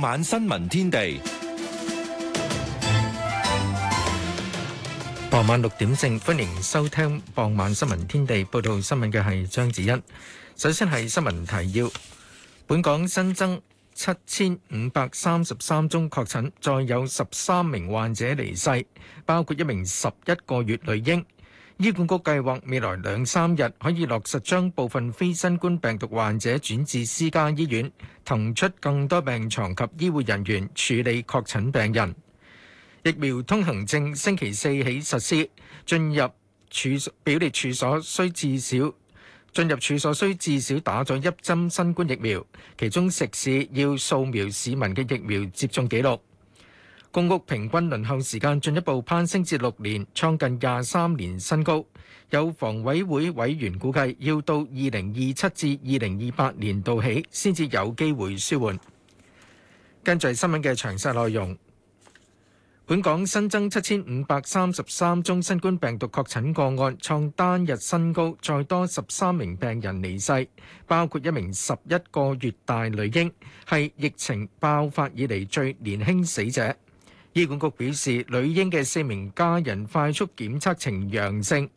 傍晚新聞天地，傍晚六點正，歡迎收聽傍晚新聞天地。報道新聞嘅係張子欣。首先係新聞提要：本港新增七千五百三十三宗確診，再有十三名患者離世，包括一名十一個月女嬰。醫管局計劃未來兩三日可以落實將部分非新冠病毒患者轉至私家醫院，騰出更多病床及醫護人員處理確診病人。疫苗通行證星期四起實施，進入處表列處所需至少進入處所需至少打咗一針新冠疫苗，其中食肆要掃描市民嘅疫苗接種記錄。公屋平均輪候時間進一步攀升至六年，創近廿三年新高。有房委會委員估計，要到二零二七至二零二八年度起，先至有機會舒緩。根據新聞嘅詳細內容，本港新增七千五百三十三宗新冠病毒確診個案，創單日新高，再多十三名病人離世，包括一名十一個月大女嬰，係疫情爆發以來最年輕死者。醫管局表示，女嬰嘅四名家人快速檢測呈陽性，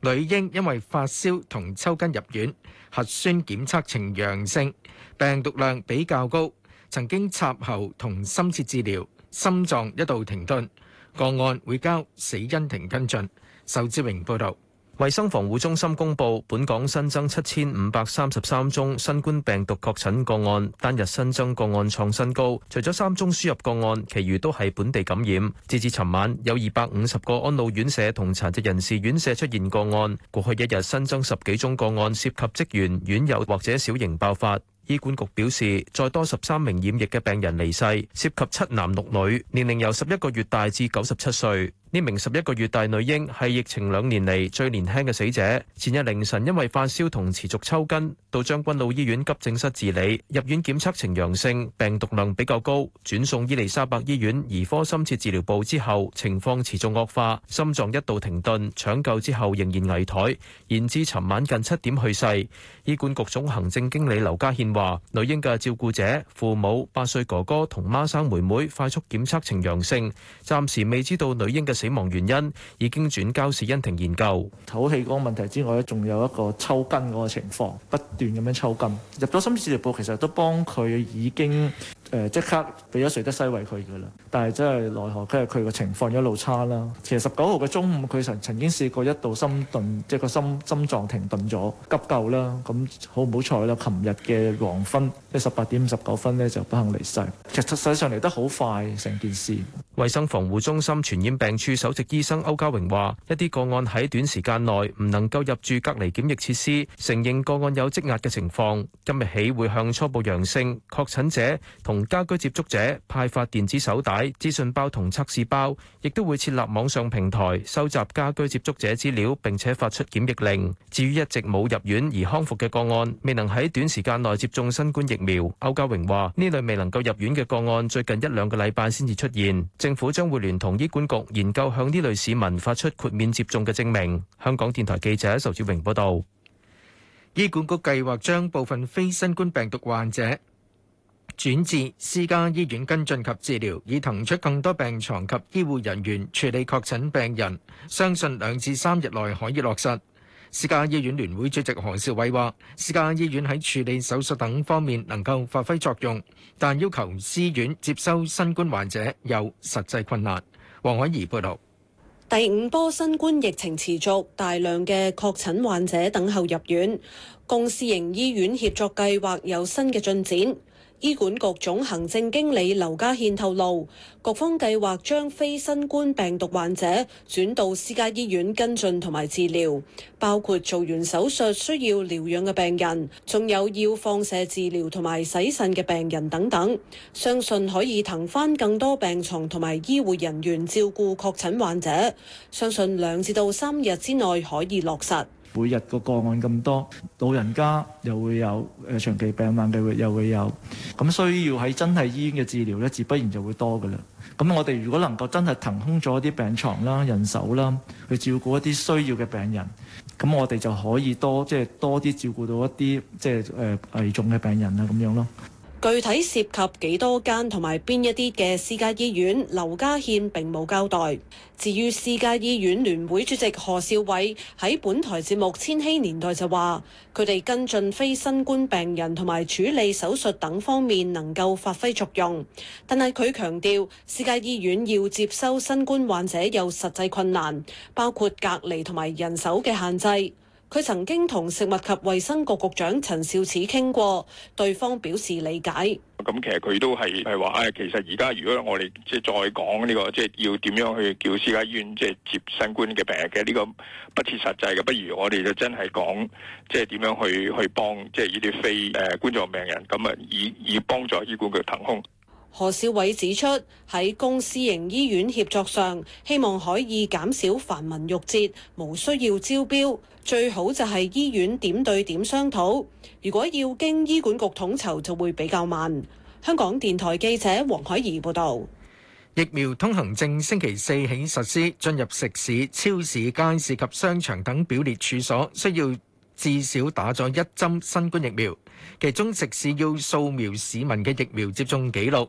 女嬰因為發燒同抽筋入院，核酸檢測呈陽性，病毒量比較高，曾經插喉同深切治療，心臟一度停頓。個案會交死因庭跟進。仇志榮報導。衛生防護中心公布，本港新增七千五百三十三宗新冠病毒確診個案，單日新增個案創新高。除咗三宗輸入個案，其餘都係本地感染。截至尋晚，有二百五十個安老院舍同殘疾人士院舍出現個案。過去一日新增十幾宗個案，涉及職員、院友或者小型爆發。醫管局表示，再多十三名染疫嘅病人離世，涉及七男六女，年齡由十一個月大至九十七歲。呢名十一個月大女嬰係疫情兩年嚟，最年輕嘅死者。前日凌晨因為發燒同持續抽筋，到將軍澳醫院急症室治理，入院檢測呈陽性，病毒量比較高，轉送伊利沙伯醫院兒科深切治療部之後，情況持續惡化，心臟一度停頓，搶救之後仍然危殆，延至尋晚近七點去世。醫管局總行政經理劉家憲話：女嬰嘅照顧者、父母、八歲哥哥同孖生妹妹快速檢測呈陽性，暫時未知道女嬰嘅。死亡原因已經轉交死因庭研究。唞氣嗰個問題之外咧，仲有一個抽筋嗰個情況，不斷咁樣抽筋。入咗深切治療部，其實都幫佢已經。誒即、呃、刻俾咗瑞德西韋佢嘅啦，但係真係奈何，因為佢個情況一路差啦。其實十九號嘅中午，佢曾曾經試過一度心頓，即係個心心臟停頓咗，急救啦。咁好唔好彩咧？琴日嘅黃昏，即係十八點五十九分呢就不幸離世。其實實際上嚟得好快，成件事。衞生防護中心傳染病處首席醫生歐家榮話：一啲個案喺短時間內唔能夠入住隔離檢疫設施，承認個案有積壓嘅情況。今日起會向初步陽性確診者同家居接觸者派發電子手帶、資訊包同測試包，亦都會設立網上平台收集家居接觸者資料，並且發出檢疫令。至於一直冇入院而康復嘅個案，未能喺短時間內接種新冠疫苗，歐家榮話：呢類未能夠入院嘅個案，最近一兩個禮拜先至出現，政府將會聯同醫管局研究向呢類市民發出豁免接種嘅證明。香港電台記者仇志榮報道，醫管局計劃將部分非新冠病毒患者。轉至私家醫院跟進及治療，以騰出更多病床及醫護人員處理確診病人。相信兩至三日內可以落實。私家醫院聯會主席何兆煒話，私家醫院喺處理手術等方面能夠發揮作用，但要求私院接收新冠患者有實際困難。黃海儀報道：「第五波新冠疫情持續，大量嘅確診患者等候入院，公私營醫院協作計劃有新嘅進展。醫管局總行政經理劉家憲透露，局方計劃將非新冠病毒患者轉到私家醫院跟進同埋治療，包括做完手術需要療養嘅病人，仲有要放射治療同埋洗腎嘅病人等等，相信可以騰翻更多病床同埋醫護人員照顧確診患者，相信兩至到三日之內可以落實。每日個個案咁多，老人家又會有誒、呃、長期病患嘅，會又會有，咁、嗯、需要喺真係醫院嘅治療咧，自不然就會多㗎喇。咁、嗯、我哋如果能夠真係騰空咗啲病床啦、人手啦，去照顧一啲需要嘅病人，咁、嗯、我哋就可以多即係、就是、多啲照顧到一啲即係誒危重嘅病人啊咁樣咯。具體涉及幾多間同埋邊一啲嘅私家醫院，劉家獻並冇交代。至於私家醫院聯會主席何兆煒喺本台節目《千禧年代》就話，佢哋跟進非新冠病人同埋處理手術等方面能夠發揮作用，但係佢強調私家醫院要接收新冠患者有實際困難，包括隔離同埋人手嘅限制。佢曾經同食物及衛生局局長陳肇始傾過，對方表示理解。咁其實佢都係係話，其實而家如果我哋即係再講呢、這個即係、就是、要點樣去叫私家醫院即係、就是、接新冠嘅病人嘅呢、這個不切實際嘅，不如我哋就真係講即係點樣去去幫即係呢啲非誒冠狀病人，咁啊以以幫助醫管局騰空。何小偉指出，喺公私營醫院協作上，希望可以減少繁文縟節，無需要招標，最好就係醫院點對點商討。如果要經醫管局統籌，就會比較慢。香港電台記者黃海怡報導，疫苗通行證星期四起實施，進入食肆、超市、街市及商場等表列處所，需要至少打咗一針新冠疫苗，其中食肆要掃描市民嘅疫苗接種記錄。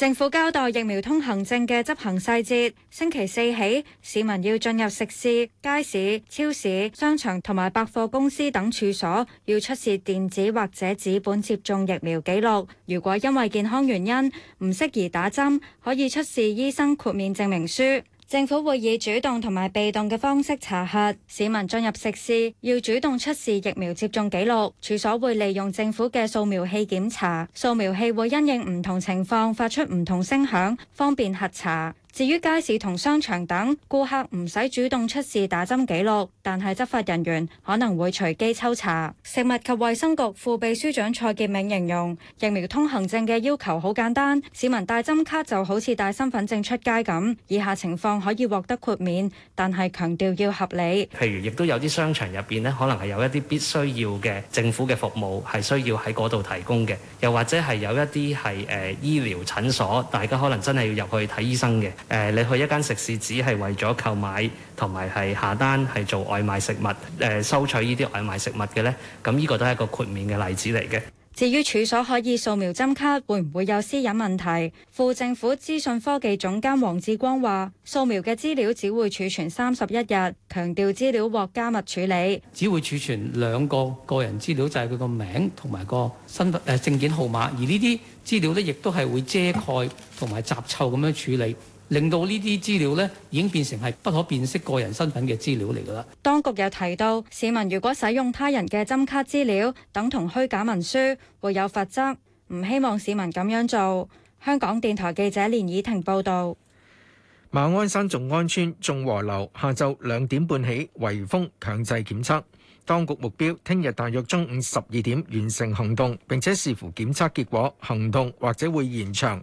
政府交代疫苗通行證嘅執行細節，星期四起，市民要進入食肆、街市、超市、商場同埋百貨公司等處所，要出示電子或者紙本接種疫苗記錄。如果因為健康原因唔適宜打針，可以出示醫生豁免證明書。政府會以主動同埋被動嘅方式查核，市民進入食肆要主動出示疫苗接種記錄。處所會利用政府嘅掃描器檢查，掃描器會因應唔同情況發出唔同聲響，方便核查。至於街市同商場等，顧客唔使主動出示打針記錄，但係執法人員可能會隨機抽查。食物及衛生局副秘書長蔡潔明形容，疫苗通行證嘅要求好簡單，市民帶針卡就好似帶身份證出街咁。以下情況可以獲得豁免，但係強調要合理。譬如亦都有啲商場入邊呢可能係有一啲必須要嘅政府嘅服務係需要喺嗰度提供嘅，又或者係有一啲係誒醫療診所，大家可能真係要入去睇醫生嘅。誒，你去一間食肆，只係為咗購買同埋係下單，係做外賣食物誒，收取呢啲外賣食物嘅咧，咁呢個都係一個豁免嘅例子嚟嘅。至於處所可以掃描針卡，會唔會有私隱問題？副政府資訊科技總監黃志光話，掃描嘅資料只會儲存三十一日，強調資料獲加密處理，只會儲存兩個個人資料，就係佢個名同埋個身份誒、呃、證件號碼，而呢啲資料呢，亦都係會遮蓋同埋雜湊咁樣處理。令到呢啲資料咧已經變成係不可辨識個人身份嘅資料嚟噶啦。當局又提到，市民如果使用他人嘅針卡資料，等同虛假文書，會有罰則。唔希望市民咁樣做。香港電台記者連以婷報導。馬鞍山眾安邨眾和樓下晝兩點半起，圍封強制檢測。當局目標聽日大約中午十二點完成行動，並且視乎檢測結果，行動或者會延長。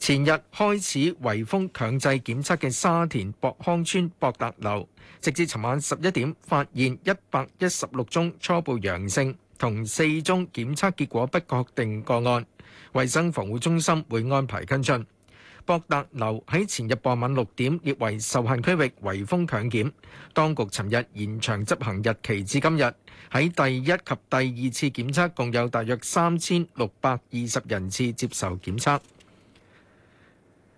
前日開始圍封強制檢測嘅沙田博康村博達樓，直至尋晚十一點發現一百一十六宗初步陽性同四宗檢測結果不確定個案。衛生防護中心會安排跟進。博達樓喺前日傍晚六點列為受限區域圍封強檢，當局尋日延長執行日期至今日。喺第一及第二次檢測，共有大約三千六百二十人次接受檢測。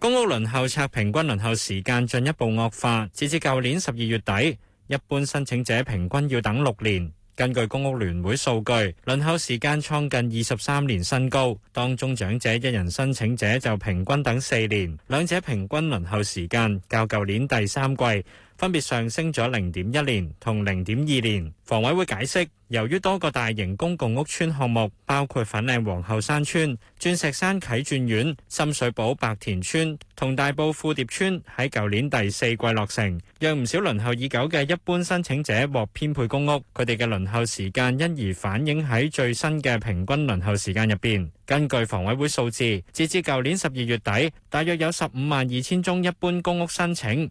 公屋輪候冊平均輪候時間進一步惡化，截至舊年十二月底，一般申請者平均要等六年。根據公屋聯會數據，輪候時間創近二十三年新高，當中長者一人申請者就平均等四年，兩者平均輪候時間較舊年第三季，分別上升咗零點一年同零點二年。房委會解釋，由於多個大型公共屋邨項目，包括粉嶺皇后山邨、鑽石山啟鑽苑、深水埗白田邨同大埔富蝶邨，喺舊年第四季落成，讓唔少輪候已久嘅一般申請者獲編配公屋，佢哋嘅輪候時間因而反映喺最新嘅平均輪候時間入邊。根據房委會數字，截至舊年十二月底，大約有十五萬二千宗一般公屋申請。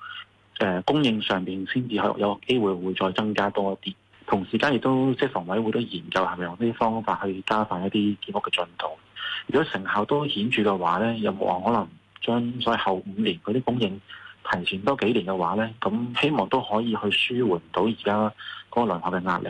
誒、呃、供應上邊先至係有機會會再增加多一啲，同時間亦都即房委會都研究係咪用呢啲方法去加快一啲建屋嘅進度，如果成效都顯著嘅話咧，有冇可能將在後五年嗰啲供應提前多幾年嘅話咧，咁希望都可以去舒緩到而家嗰個樓價嘅壓力。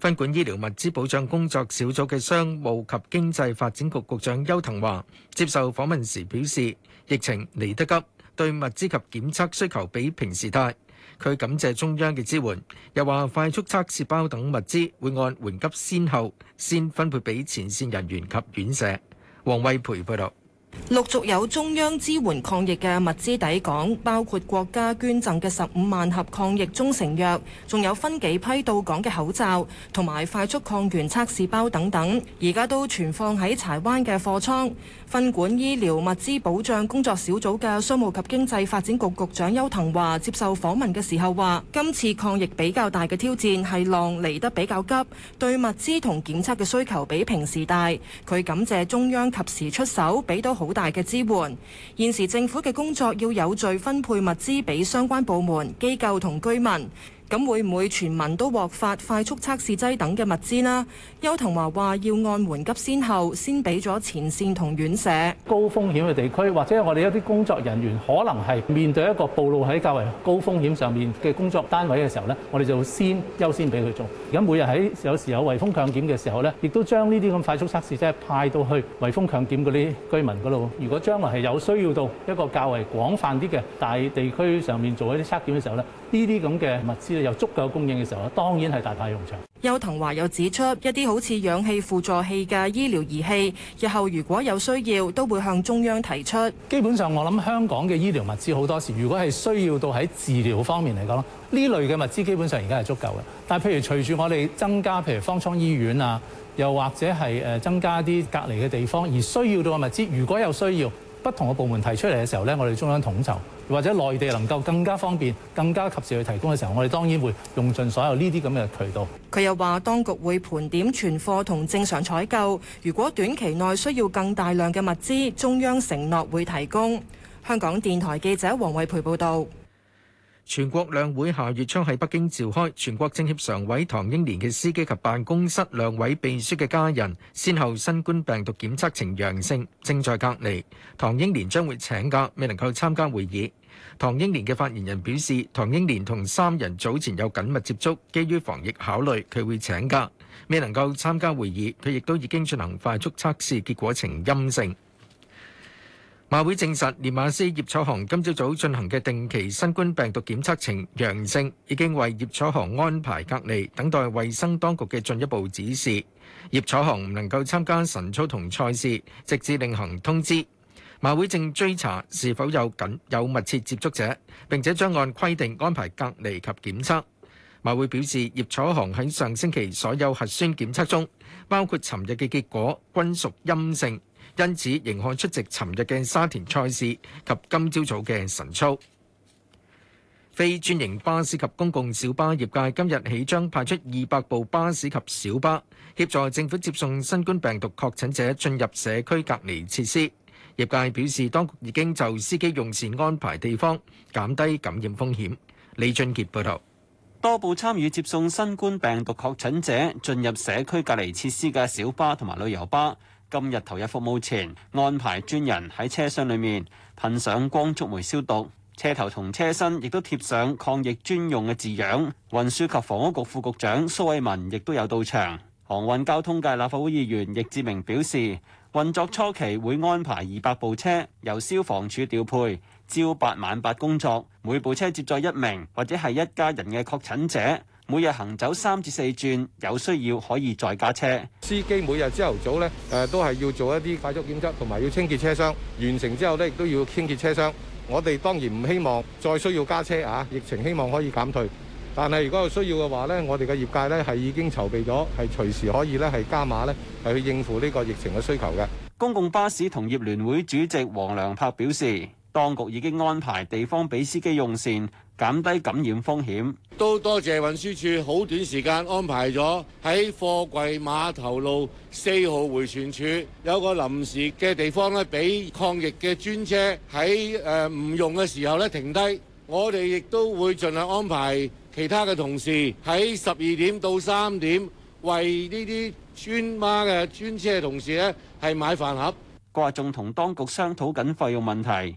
分管醫療物資保障工作小組嘅商務及經濟發展局局長邱騰華接受訪問時表示，疫情嚟得急，對物資及檢測需求比平時大。佢感謝中央嘅支援，又話快速測試包等物資會按緩急先後先分配俾前線人員及院舍。王惠培報道。陸續有中央支援抗疫嘅物資抵港，包括國家捐贈嘅十五萬盒抗疫中成藥，仲有分幾批到港嘅口罩同埋快速抗原測試包等等，而家都存放喺柴灣嘅貨倉。分管醫療物資保障工作小組嘅商務及經濟發展局局長邱騰華接受訪問嘅時候話，今次抗疫比較大嘅挑戰係浪嚟得比較急，對物資同檢測嘅需求比平時大。佢感謝中央及時出手，俾到好，好大嘅支援。現時政府嘅工作要有序分配物資俾相關部門、機構同居民。咁會唔會全民都獲發快速測試劑等嘅物資呢？邱騰華話要按緩急先後，先俾咗前線同院舍。高風險嘅地區，或者我哋一啲工作人員可能係面對一個暴露喺較為高風險上面嘅工作單位嘅時候呢，我哋就先優先俾佢做。而家每日喺有時候圍封強檢嘅時候呢，亦都將呢啲咁快速測試劑派到去圍封強檢嗰啲居民嗰度。如果將來係有需要到一個較為廣泛啲嘅大地區上面做一啲測檢嘅時候呢，呢啲咁嘅物資。有足夠供應嘅時候，當然係大派用場。邱騰華又指出，一啲好似氧氣輔助器嘅醫療儀器，日後如果有需要，都會向中央提出。基本上，我諗香港嘅醫療物資好多時，如果係需要到喺治療方面嚟講，呢類嘅物資基本上而家係足夠嘅。但係譬如隨住我哋增加，譬如方艙醫院啊，又或者係誒增加啲隔離嘅地方，而需要到嘅物資，如果有需要，不同嘅部門提出嚟嘅時候咧，我哋中央統籌。或者內地能夠更加方便、更加及時去提供嘅時候，我哋當然會用盡所有呢啲咁嘅渠道。佢又話，當局會盤點存貨同正常採購，如果短期內需要更大量嘅物資，中央承諾會提供。香港電台記者黃惠培報道。全國兩會下月將喺北京召開，全國政協常委唐英年嘅司機及辦公室兩位秘書嘅家人，先後新冠病毒檢測呈陽性，正在隔離。唐英年將會請假，未能夠參加會議。唐英年嘅發言人表示，唐英年同三人早前有緊密接觸，基於防疫考慮，佢會請假，未能夠參加會議。佢亦都已經進行快速測試，結果呈陰性。馬會證實，練馬師葉楚雄今朝早進行嘅定期新冠病毒檢測呈陽性，已經為葉楚雄安排隔離，等待衛生當局嘅進一步指示。葉楚雄唔能夠參加晨操同賽事，直至另行通知。馬會正追查是否有緊有密切接觸者，並且將按規定安排隔離及檢測。馬會表示，葉楚雄喺上星期所有核酸檢測中，包括尋日嘅結果，均屬陰性。因此，仍可出席尋日嘅沙田賽事及今朝早嘅晨操。非專營巴士及公共小巴業界今日起將派出二百部巴士及小巴，協助政府接送新冠病毒確診者進入社區隔離設施。業界表示，當局已經就司機用膳安排地方，減低感染風險。李俊杰報道。多部參與接送新冠病毒確診者進入社區隔離設施嘅小巴同埋旅遊巴。今日投入服務前，安排專人喺車廂裏面噴上光觸媒消毒，車頭同車身亦都貼上抗疫專用嘅字樣。運輸及房屋局副局長蘇偉文亦都有到場。航運交通界立法會議員易志明表示，運作初期會安排二百部車由消防處調配，朝八晚八工作，每部車接載一名或者係一家人嘅確診者。每日行走三至四轉，有需要可以再加車。司機每日朝頭早咧，誒、呃、都係要做一啲快速檢測，同埋要清潔車廂。完成之後咧，亦都要清潔車廂。我哋當然唔希望再需要加車啊！疫情希望可以減退，但係如果有需要嘅話咧，我哋嘅業界咧係已經籌備咗，係隨時可以咧係加碼咧，係去應付呢個疫情嘅需求嘅。公共巴士同業聯會主席黃良柏表示，當局已經安排地方俾司機用膳，減低感染風險。都多謝運輸署好短時間安排咗喺貨櫃碼頭路四號回旋處有個臨時嘅地方咧，俾抗疫嘅專車喺誒、唔用嘅時候咧停低。我哋亦都會盡量安排其他嘅同事喺十二點到三點為呢啲專媽嘅專車嘅同事咧係買飯盒。佢話仲同當局商討緊費用問題。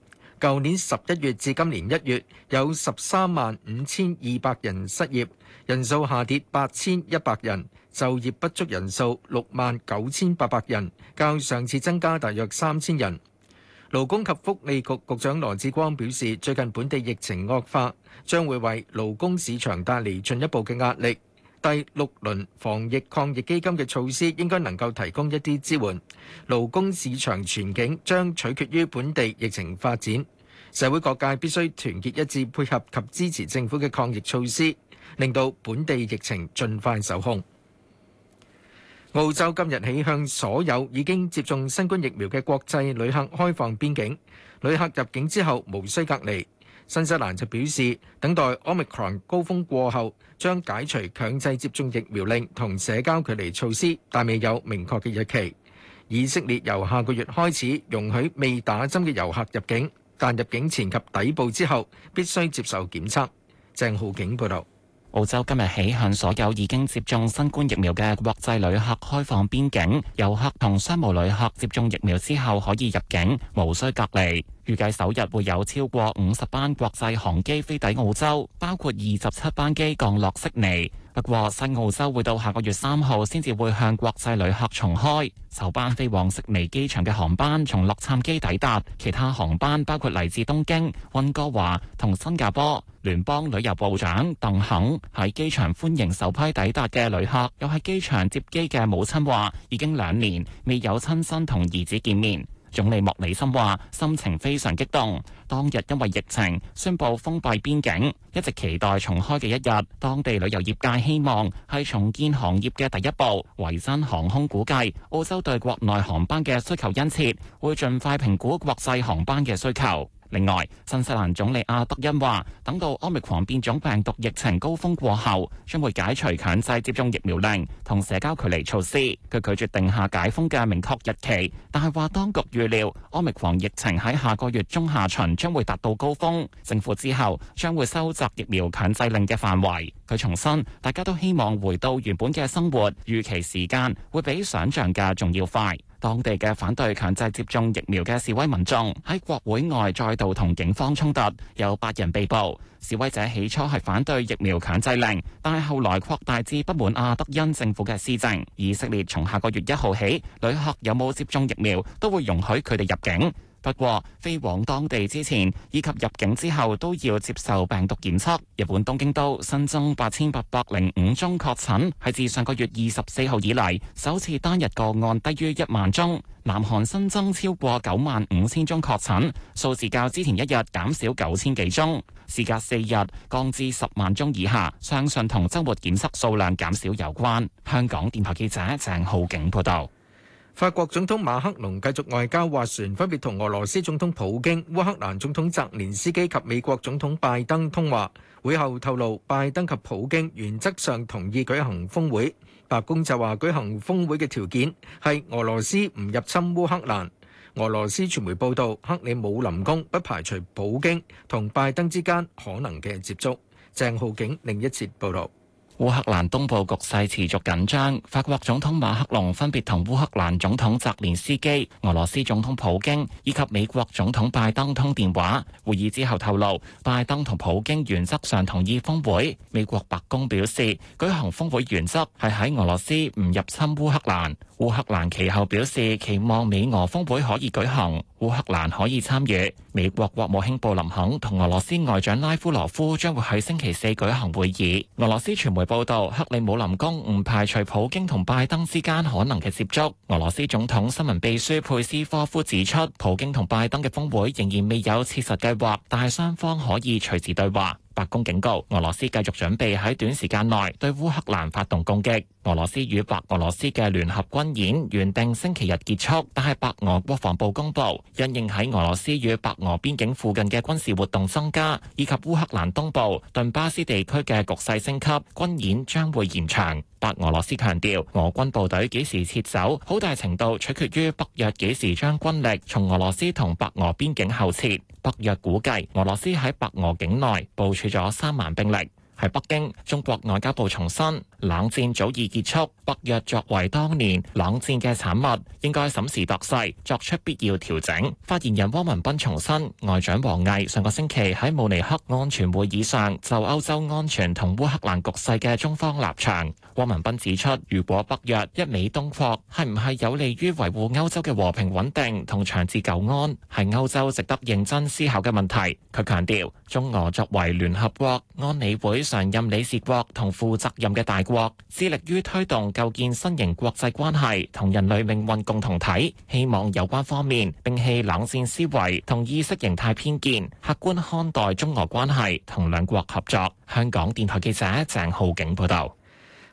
舊年十一月至今年一月，有十三萬五千二百人失業，人數下跌八千一百人，就業不足人數六萬九千八百人，較上次增加大約三千人。勞工及福利局局長羅致光表示，最近本地疫情惡化，將會為勞工市場帶嚟進一步嘅壓力。第六輪防疫抗疫基金嘅措施應該能夠提供一啲支援。勞工市場前景將取決於本地疫情發展。社會各界必須團結一致，配合及支持政府嘅抗疫措施，令到本地疫情盡快受控。澳洲今日起向所有已經接種新冠疫苗嘅國際旅客開放邊境，旅客入境之後無需隔離。新西蘭就表示，等待 Omicron 高峰過後，將解除強制接種疫苗令同社交距離措施，但未有明確嘅日期。以色列由下個月開始容許未打針嘅遊客入境，但入境前及抵埗之後必須接受檢測。鄭浩景報導。澳洲今日起向所有已經接種新冠疫苗嘅國際旅客開放邊境，遊客同商務旅客接種疫苗之後可以入境，無需隔離。預計首日會有超過五十班國際航機飛抵澳洲，包括二十七班機降落悉尼。不過，西澳洲會到下個月三號先至會向國際旅客重開。首班飛往悉尼機場嘅航班，從洛杉磯抵達。其他航班包括嚟自東京、溫哥華同新加坡。聯邦旅遊部長鄧肯喺機場歡迎首批抵達嘅旅客，又喺機場接機嘅母親話：已經兩年未有親身同兒子見面。總理莫里森話心情非常激動，當日因為疫情宣布封閉邊境，一直期待重開嘅一日。當地旅遊業界希望係重建行業嘅第一步。維珍航空估計澳洲對國內航班嘅需求殷切，會盡快評估國際航班嘅需求。另外，新西蘭總理阿德恩話，等到 Omicron 變種病毒疫情高峰過後，將會解除強制接種疫苗令同社交距離措施。佢拒絕定下解封嘅明確日期，但係話當局預料 Omicron 疫情喺下個月中下旬將會達到高峰。政府之後將會收窄疫苗強制令嘅範圍。佢重申，大家都希望回到原本嘅生活，預期時間會比想像嘅仲要快。當地嘅反對強制接種疫苗嘅示威民眾喺國會外再度同警方衝突，有八人被捕。示威者起初係反對疫苗強制令，但係後來擴大至不滿阿德恩政府嘅施政。以色列從下個月一號起，旅客有冇接種疫苗都會容許佢哋入境。不過，飛往當地之前以及入境之後都要接受病毒檢測。日本東京都新增八千八百零五宗確診，係自上個月二十四號以嚟首次單日個案低於一萬宗。南韓新增超過九萬五千宗確診，數字較之前一日減少九千幾宗，事隔四日降至十萬宗以下，相信同周末檢測數量減少有關。香港電台記者鄭浩景報道。法國總統馬克龍繼續外交話船，分別同俄羅斯總統普京、烏克蘭總統澤連斯基及美國總統拜登通話。會後透露，拜登及普京原則上同意舉行峰會。白宮就話舉行峰會嘅條件係俄羅斯唔入侵烏克蘭。俄羅斯傳媒報道，克里姆林宮不排除普京同拜登之間可能嘅接觸。鄭浩景另一節報道。烏克蘭東部局勢持續緊張，法國總統馬克龍分別同烏克蘭總統澤連斯基、俄羅斯總統普京以及美國總統拜登通電話。會議之後透露，拜登同普京原則上同意峰會。美國白宮表示，舉行峰會原則係喺俄羅斯唔入侵烏克蘭。烏克蘭其後表示期望美俄峰會可以舉行，烏克蘭可以參與。美國國務卿布林肯同俄羅斯外長拉夫羅夫將會喺星期四舉行會議。俄羅斯傳媒報道，克里姆林宮唔排除普京同拜登之間可能嘅接觸。俄羅斯總統新聞秘書佩斯科夫指出，普京同拜登嘅峰會仍然未有切實計劃，但係雙方可以隨時對話。白宮警告俄羅斯繼續準備喺短時間內對烏克蘭發動攻擊。俄羅斯與白俄羅斯嘅聯合軍演原定星期日結束，但係白俄國防部公布，因應喺俄羅斯與白俄邊境附近嘅軍事活動增加，以及烏克蘭東部、頓巴斯地區嘅局勢升級，軍演將會延長。白俄羅斯強調，俄軍部隊幾時撤走，好大程度取決於北約幾時將軍力從俄羅斯同白俄邊境後撤。北約估計，俄羅斯喺白俄境內部署咗三萬兵力。喺北京，中國外交部重申冷戰早已結束，北約作為當年冷戰嘅產物應，應該審時度勢作出必要調整。發言人汪文斌重申，外長王毅上個星期喺慕尼黑安全會議上就歐洲安全同烏克蘭局勢嘅中方立場，汪文斌指出，如果北約一味東擴係唔係有利於維護歐洲嘅和平穩定同長治久安，係歐洲值得認真思考嘅問題，佢強調中俄作為聯合國安理會。常任理事國同負責任嘅大國，致力於推動構建新型國際關係同人類命運共同體，希望有關方面摒棄冷戰思維同意識形態偏見，客觀看待中俄關係同兩國合作。香港電台記者鄭浩景報道，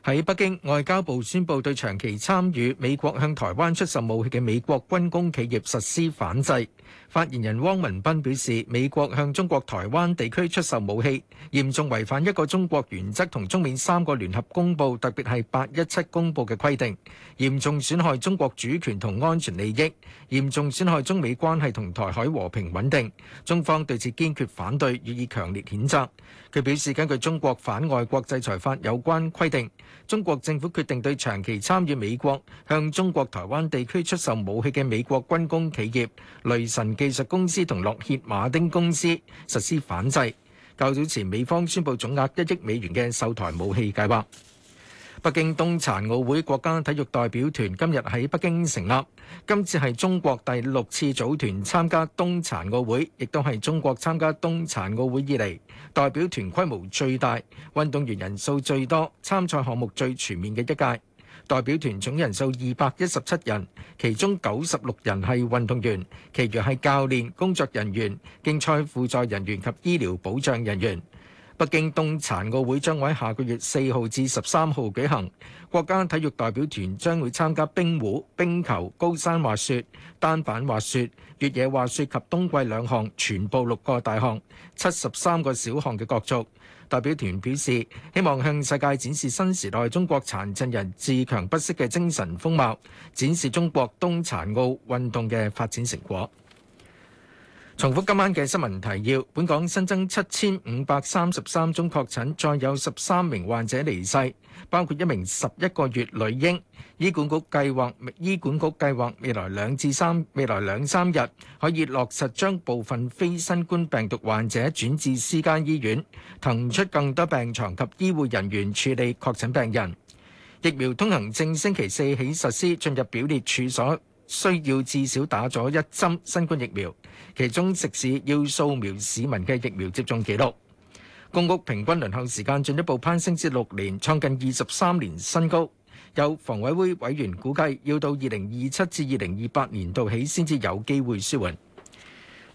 喺北京，外交部宣布對長期參與美國向台灣出售武器嘅美國軍工企業實施反制。發言人汪文斌表示，美國向中國台灣地區出售武器，嚴重違反一個中國原則同中美三個聯合公報，特別係八一七公報嘅規定，嚴重損害中國主權同安全利益，嚴重損害中美關係同台海和平穩定。中方對此堅決反對，予以強烈譴責。佢表示，根據中國反外國制裁法有關規定，中國政府決定對長期參與美國向中國台灣地區出售武器嘅美國軍工企業雷神技術公司同洛歇馬丁公司實施反制。較早前美方宣布總額一億美元嘅售台武器計劃。北京冬殘奧會國家體育代表團今日喺北京成立，今次係中國第六次組團參加冬殘奧會，亦都係中國參加冬殘奧會以嚟代表團規模最大、運動員人數最多、參賽項目最全面嘅一屆。代表團總人數二百一十七人，其中九十六人係運動員，其餘係教練、工作人員、競賽輔助人員及醫療保障人員。北京冬殘奧會將會喺下個月四號至十三號舉行，國家體育代表團將會參加冰壺、冰球、高山滑雪、單板滑雪、越野滑雪及冬季兩項全部六個大項、七十三個小項嘅角逐。代表團表示，希望向世界展示新時代中國殘疾人自強不息嘅精神風貌，展示中國冬殘奧運動嘅發展成果。重複今晚嘅新聞提要：本港新增七千五百三十三宗確診，再有十三名患者離世，包括一名十一個月女嬰。醫管局計劃，醫管局計劃未來兩至三未來兩三日可以落實將部分非新冠病毒患者轉至私家醫院，騰出更多病床及醫護人員處理確診病人。疫苗通行證星，星期四起實施，進入表列處所。需要至少打咗一針新冠疫苗，其中食肆要掃描市民嘅疫苗接種記錄。公屋平均輪候時間進一步攀升至六年，創近二十三年新高。有房委會委員估計要到二零二七至二零二八年度起先至有機會舒緩。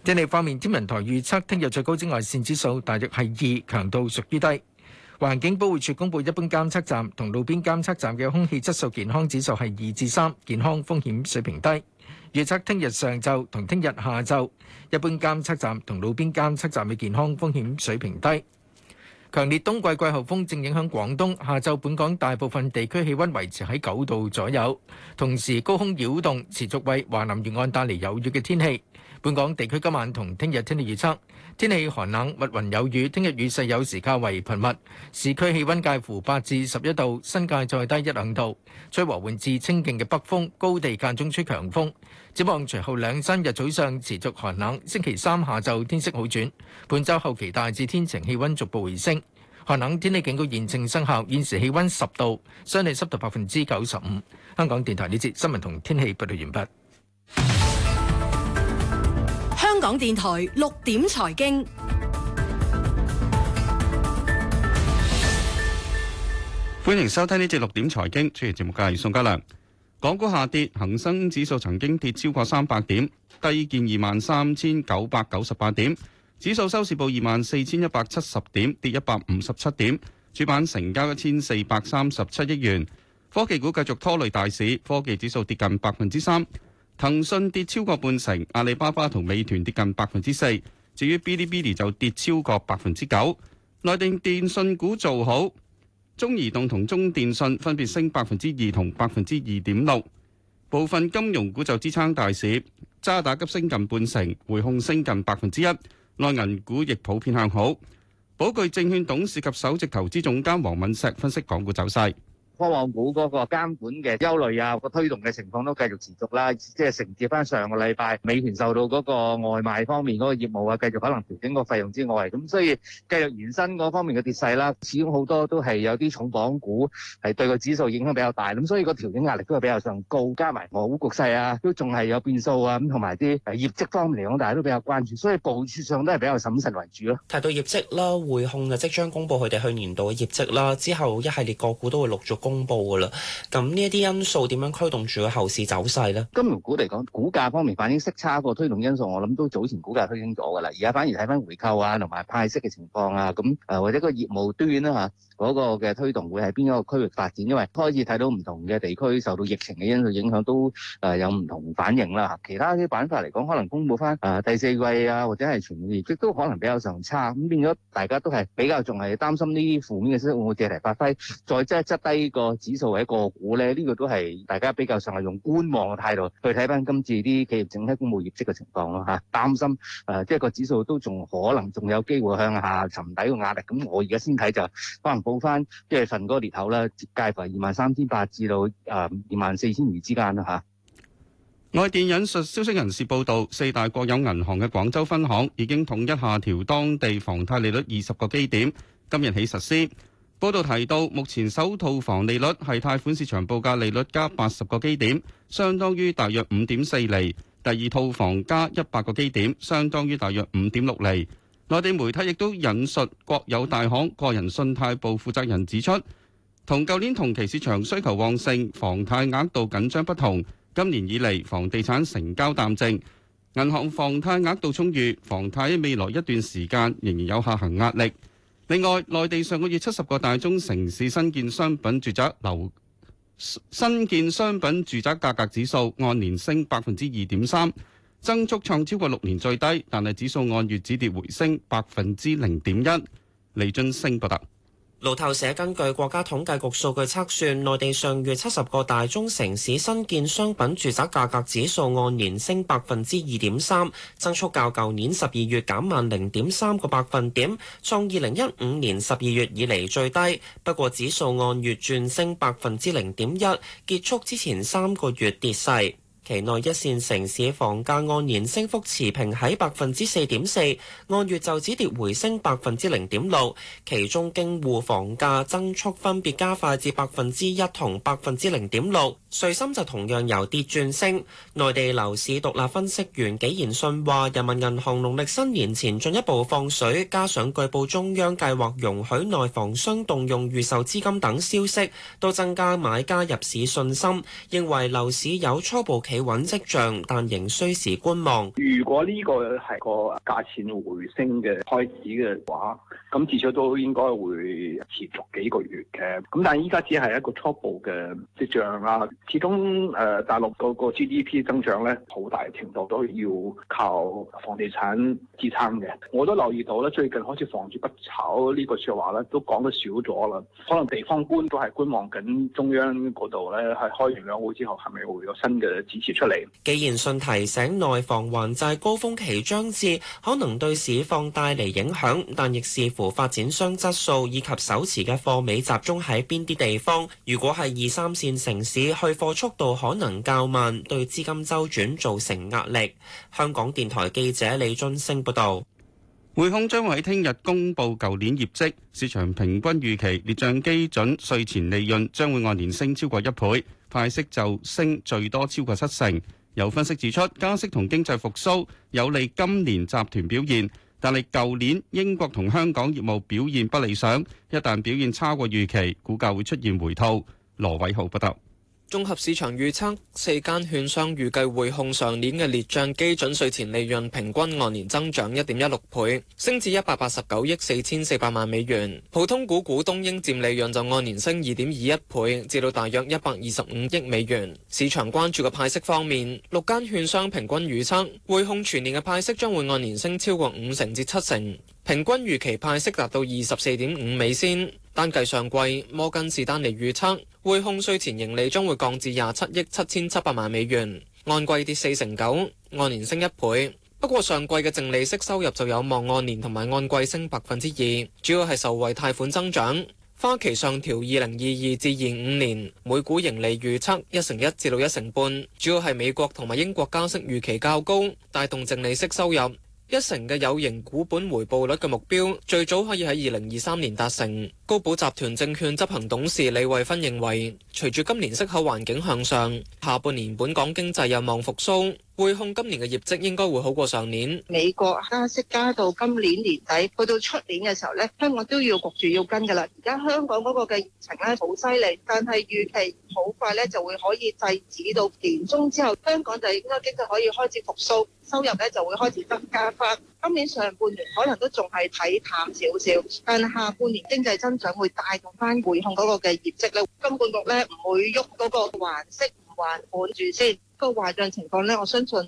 電力方面，天文台預測聽日最高紫外線指數大約係二，強度屬於低。環境保護署公布一 3, 測，一般監測站同路邊監測站嘅空氣質素健康指數係二至三，健康風險水平低。預測聽日上晝同聽日下晝，一般監測站同路邊監測站嘅健康風險水平低。強烈冬季季候風正影響廣東，下晝本港大部分地區氣温維持喺九度左右，同時高空擾動持續為華南沿岸帶嚟有雨嘅天氣。本港地區今晚同聽日天氣預測。天氣寒冷，密雲有雨。聽日雨勢有時較為頻密，市區氣溫介乎八至十一度，新界再低一兩度。吹和緩至清勁嘅北風，高地間中吹強風。展望隨後兩三日早上持續寒冷，星期三下晝天色好轉，本周後期大致天晴，氣溫逐步回升。寒冷天氣警告現正生效，現時氣溫十度，相對濕度百分之九十五。香港電台呢節新聞同天氣報道完畢。香港電台六點財經，歡迎收聽呢節六點財經。主持節目嘅係宋家良。港股下跌，恒生指數曾經跌超過三百點，低見二萬三千九百九十八點。指數收市報二萬四千一百七十點，跌一百五十七點。主板成交一千四百三十七億元。科技股繼續拖累大市，科技指數跌近百分之三。騰訊跌超過半成，阿里巴巴同美團跌近百分之四，至於嗶哩嗶哩就跌超過百分之九。內地電信股做好，中移動同中電信分別升百分之二同百分之二點六。部分金融股就支撐大市，渣打急升近半成，匯控升近百分之一。內銀股亦普遍向好。寶鉅證券董事及首席投資總監黃敏石分析港股走勢。科網股嗰個監管嘅憂慮啊，個推動嘅情況都繼續持續啦，即係承接翻上個禮拜美團受到嗰個外賣方面嗰個業務啊，繼續可能調整個費用之外，咁所以繼續延伸嗰方面嘅跌勢啦。始終好多都係有啲重磅股係對個指數影響比較大，咁所以個調整壓力都係比較上高，加埋俄烏局勢啊，都仲係有變數啊，咁同埋啲誒業績方面嚟講，大家都比較關注，所以部署上都係比較審慎為主咯。提到業績啦，匯控就即將公布佢哋去年度嘅業績啦，之後一系列個股都會陸續公布㗎喇，咁呢一啲因素點樣驅動住個後市走勢咧？金融股嚟講，股價方面反映息差個推動因素，我諗都早前股價推升咗㗎喇。而家反而睇返回購啊，同埋派息嘅情況啊，咁、呃、誒或者個業務端啦、啊、嚇。嗰個嘅推動會喺邊一個區域發展？因為開始睇到唔同嘅地區受到疫情嘅因素影響，都誒有唔同反應啦。其他啲板塊嚟講，可能公布翻誒第四季啊，或者係全年業績都可能比較上差，咁變咗大家都係比較仲係擔心呢啲負面嘅消息會會借題發揮，再即係執低一個指數或個股咧，呢、呢個都係大家比較上係用觀望嘅態度去睇翻今次啲企業整體公佈業績嘅情況咯嚇、啊，擔心誒、啊、即係個指數都仲可能仲有機會向下沉底嘅壓力。咁我而家先睇就可能。補翻即係份嗰個裂口啦，介乎係二萬三千八至到啊二萬四千二之間啦嚇。外電引述消息人士報道，四大國有銀行嘅廣州分行已經統一下調當地房貸利率二十個基點，今日起實施。報道提到，目前首套房利率係貸款市場報價利率加八十個基點，相當於大約五點四厘；第二套房加一百個基點，相當於大約五點六厘。內地媒體亦都引述國有大行個人信貸部負責人指出，同舊年同期市場需求旺盛、房貸額度緊張不同，今年以嚟房地產成交淡靜，銀行房貸額度充裕，房貸未來一段時間仍然有下行壓力。另外，內地上個月七十個大中城市新建商品住宅樓新建商品住宅價格指數按年升百分之二點三。增速創超過六年最低，但係指數按月止跌回升百分之零點一。李俊升報道，路透社根據國家統計局數據測算，內地上月七十個大中城市新建商品住宅價格指數按年升百分之二點三，增速較舊年十二月減慢零點三個百分點，創二零一五年十二月以嚟最低。不過指數按月轉升百分之零點一，結束之前三個月跌勢。期內一線城市房價按年升幅持平喺百分之四點四，按月就止跌回升百分之零點六。其中京滬房價增速分別加快至百分之一同百分之零點六。穗深就同樣由跌轉升。內地樓市獨立分析員紀賢信話：人民銀行農曆新年前進一步放水，加上據報中央計劃容許內房商動用預售資金等消息，都增加買家入市信心，認為樓市有初步企穩迹象，但仍需時觀望。如果呢個係個價錢回升嘅開始嘅話，咁至少都應該會持續幾個月嘅。咁但係依家只係一個初步嘅跡象啦。始終誒，大陸個 GDP 增長咧，好大程度都要靠房地產支撐嘅。我都留意到咧，最近開始房住不炒呢個說話咧，都講得少咗啦。可能地方官都係觀望緊中央嗰度咧，係開完兩會之後是是，係咪會有新嘅支撐？既然信提醒內房還債高峰期將至，可能對市況帶嚟影響，但亦視乎發展商質素以及手持嘅貨尾集中喺邊啲地方。如果係二三線城市，去貨速度可能較慢，對資金周轉造成壓力。香港電台記者李津升報道。匯控將喺聽日公布舊年業績，市場平均預期列帳基準稅前利潤將會按年升超過一倍。派息就升最多超過七成，有分析指出加息同經濟復甦有利今年集團表現，但係舊年英國同香港業務表現不理想，一旦表現差過預期，股價會出現回吐。羅偉浩報道。綜合市場預測，四間券商預計匯控上年嘅列賬基準稅前利潤平均按年增長一點一六倍，升至一百八十九億四千四百萬美元。普通股股東應佔利潤就按年升二點二一倍，至到大約一百二十五億美元。市場關注嘅派息方面，六間券商平均預測匯控全年嘅派息將會按年升超過五成至七成。.平均預期派息達到二十四點五美仙，單計上季，摩根士丹利預測匯控稅前盈利將會降至廿七億七千七百萬美元，按季跌四成九，按年升一倍。不過上季嘅淨利息收入就有望按年同埋按季升百分之二，主要係受惠貸款增長。花期上調二零二二至二五年每股盈利預測一成一至到一成半，主要係美國同埋英國加息預期較高，帶動淨利息收入。一成嘅有形股本回報率嘅目標，最早可以喺二零二三年達成。高寶集團證券執行董事李慧芬認為，隨住今年息口環境向上，下半年本港經濟有望復蘇。匯控今年嘅業績應該會好過上年。美國加息加到今年年底，去到出年嘅時候咧，香港都要焗住要跟噶啦。而家香港嗰個嘅疫情咧好犀利，但係預期好快咧就會可以制止到年中之後，香港就應該經濟可以開始復甦，收入咧就會開始增加翻。今年上半年可能都仲係睇淡少少，但下半年經濟增長會帶動翻匯控嗰個嘅業績咧。金管局咧唔會喐嗰個還息唔還本住先。個壞帳情況呢，我相信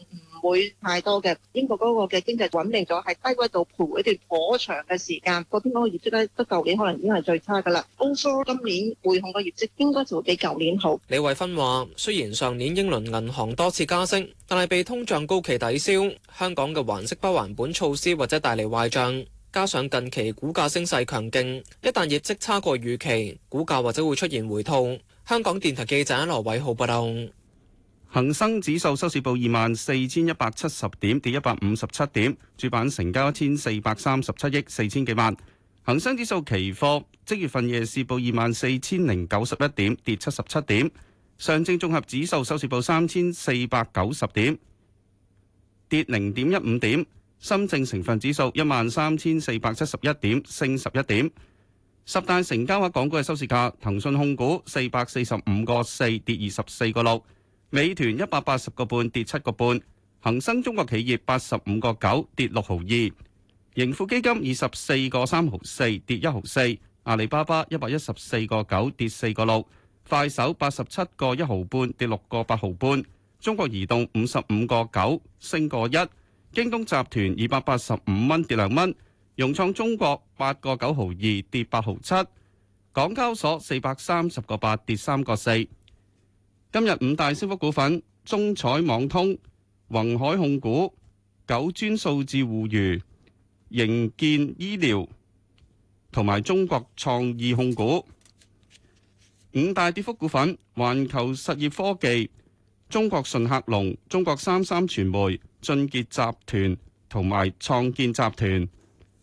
唔會太多嘅。英國嗰個嘅經濟穩定咗，喺低位度徘徊一段頗長嘅時間。嗰邊嗰個業績咧，舊年可能已經係最差噶啦。歐科今年匯控嘅業績應該就會比舊年好。李慧芬話：雖然上年英倫銀行多次加息，但係被通脹高企抵消。香港嘅還息不還本措施或者帶嚟壞帳，加上近期股價升勢強勁，一旦業績差過預期，股價或者會出現回吐。香港電台記者羅偉浩報道。恒生指數收市報二萬四千一百七十點，跌一百五十七點。主板成交一千四百三十七億四千幾萬。恒生指數期貨即月份夜市報二萬四千零九十一點，跌七十七點。上證綜合指數收市報三千四百九十點，跌零點一五點。深證成分指數一萬三千四百七十一點，升十一點。十大成交額港股嘅收市價，騰訊控股四百四十五個四，跌二十四個六。美團一百八十個半，跌七個半，恒生中國企業八十五個九，跌六毫二，盈富基金二十四個三毫四，跌一毫四，阿里巴巴一百一十四個九，跌四個六，快手八十七個一毫半，跌六個八毫半，中國移動五十五個九，升個一，京東集團二百八十五蚊，跌兩蚊，融創中國八個九毫二，跌八毫七，港交所四百三十個八，跌三個四。今日五大升幅股份：中彩網通、宏海控股、九尊數字互娛、盈健醫療同埋中國創意控股。五大跌幅股份：環球實業科技、中國順客隆、中國三三傳媒、駿杰集團同埋創建集團。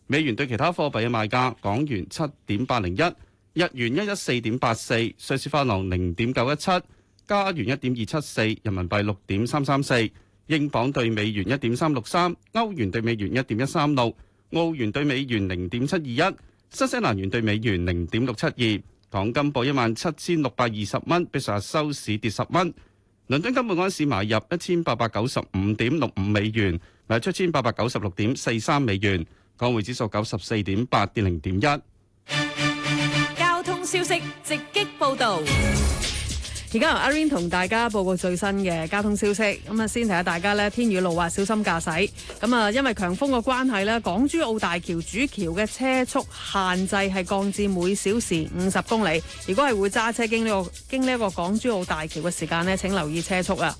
美元對其他貨幣嘅賣價：港元七點八零一，日元一一四點八四，瑞士法郎零點九一七。加元一點二七四，4, 人民幣六點三三四，英鎊兌美元一點三六三，歐元兌美元一點一三六，澳元兌美元零點七二一，新西蘭元兌美元零點六七二。港金報一萬七千六百二十蚊，比上日收市跌十蚊。倫敦金每盎司買入一千八百九十五點六五美元，賣出一千八百九十六點四三美元。港匯指數九十四點八跌零點一。交通消息直擊報道。而家由阿 rain 同大家報告最新嘅交通消息。咁啊，先提下大家呢，天雨路滑，小心駕駛。咁啊，因為強風嘅關係呢，港珠澳大橋主橋嘅車速限制係降至每小時五十公里。如果係會揸車經呢個經呢一個港珠澳大橋嘅時間呢，請留意車速啊。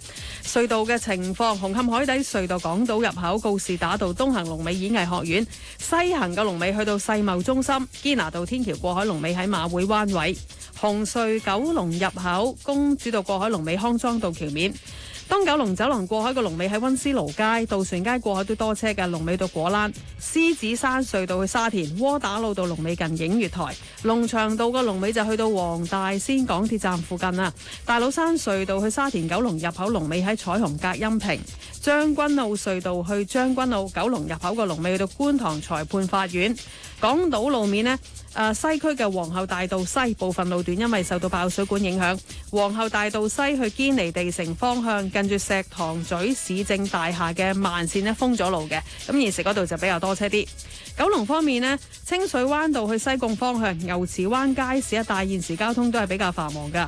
隧道嘅情況，紅磡海底隧道港島入口告士打道東行龍尾演藝學院，西行嘅龍尾去到世貿中心。堅拿道天橋過海龍尾喺馬會灣位，紅隧九龍入口公公主道過海龍尾康莊道橋面，東九龍走廊過海個龍尾喺溫思勞街、渡船街過海都多車嘅龍尾到果欄，獅子山隧道去沙田窩打路到龍尾近影月台，龍翔道個龍尾就去到黃大仙港鐵站附近啦，大佬山隧道去沙田九龍入口龍尾喺彩虹隔音屏，將軍澳隧道去將軍澳九龍入口個龍尾去到觀塘裁判法院。港島路面呢，誒西區嘅皇后大道西部分路段因為受到爆水管影響，皇后大道西去堅尼地城方向近住石塘咀市政大廈嘅慢線呢封咗路嘅，咁現時嗰度就比較多車啲。九龍方面呢，清水灣道去西貢方向、牛池灣街市一帶現時交通都係比較繁忙㗎。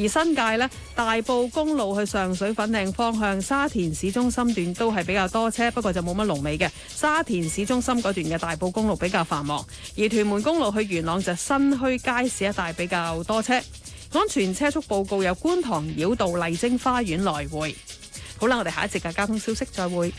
而新界呢，大埔公路去上水粉嶺方向沙田市中心段都係比較多車，不過就冇乜龍尾嘅。沙田市中心嗰段嘅大埔公路比較繁忙。而屯門公路去元朗就新墟街市一帶比較多車，安全車速報告由觀塘繞道麗晶花園來回。好啦，我哋下一節嘅交通消息再會。